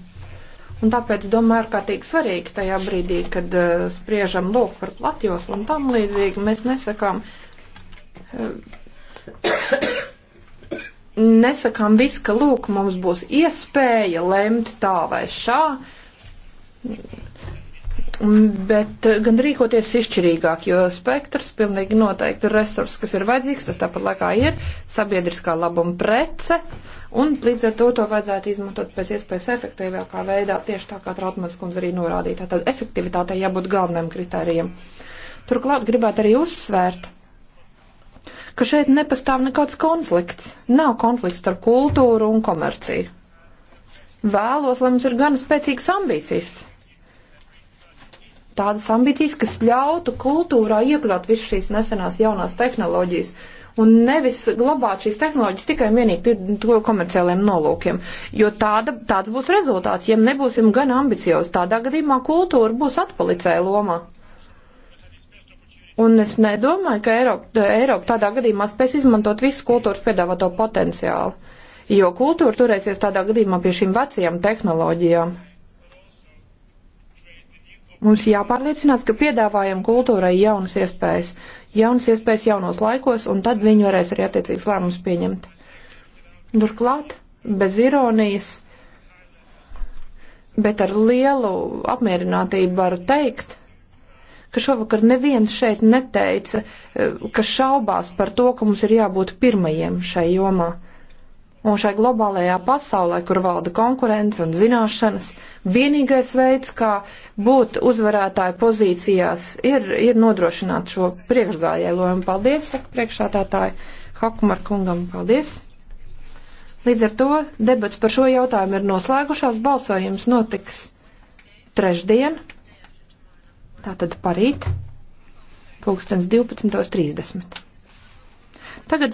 Un tāpēc, domāju, ārkārtīgi svarīgi tajā brīdī, kad uh, spriežam lūk par platjos un tam līdzīgi, mēs nesakām, uh, nesakām visu, ka lūk, mums būs iespēja lemt tā vai šā, bet eh, gan rīkoties izšķirīgāk, jo spektrs pilnīgi noteikti ir resurs, kas ir vajadzīgs, tas tāpat laikā ir sabiedriskā labuma prece, un līdz ar to to vajadzētu izmantot pēc iespējas efektīvākā veidā, tieši tā kā Trautmans kundze arī norādīja, tātad efektivitātei jābūt galvenajam kritērijam. Turklāt gribētu arī uzsvērt, ka šeit nepastāv nekāds konflikts. Nav konflikts starp kultūru un komerciju. Vēlos, lai mums ir gan spēcīgas ambīcijas. Tādas ambīcijas, kas ļautu kultūrā iekļaut visu šīs nesenās jaunās tehnoloģijas un nevis glabāt šīs tehnoloģijas tikai un vienīgi komerciāliem nolūkiem. Jo tāda, tāds būs rezultāts, ja nebūsim gan ambiciozi. Tādā gadījumā kultūra būs atpalicēja lomā. Un es nedomāju, ka Eiropa, eh, Eiropa tādā gadījumā spēs izmantot visu kultūras piedāvāto potenciālu, jo kultūra turēsies tādā gadījumā pie šīm vecajām tehnoloģijām. Mums jāpārliecinās, ka piedāvājam kultūrai jaunas iespējas, jaunas iespējas jaunos laikos, un tad viņi varēs arī attiecīgs lēmums pieņemt. Turklāt, bez ironijas, bet ar lielu apmierinātību varu teikt, ka šovakar neviens šeit neteica, eh, ka šaubās par to, ka mums ir jābūt pirmajiem šai jomā. Un šai globālajā pasaulē, kur valda konkurence un zināšanas, vienīgais veids, kā būt uzvarētāju pozīcijās, ir, ir nodrošināt šo priekšgājēju lomu. Paldies, saka priekšsādātāji Hakumar kungam, paldies! Līdz ar to debats par šo jautājumu ir noslēgušās, balsojums notiks trešdien. Tātad parīt, pulkstens 12.30. Tagad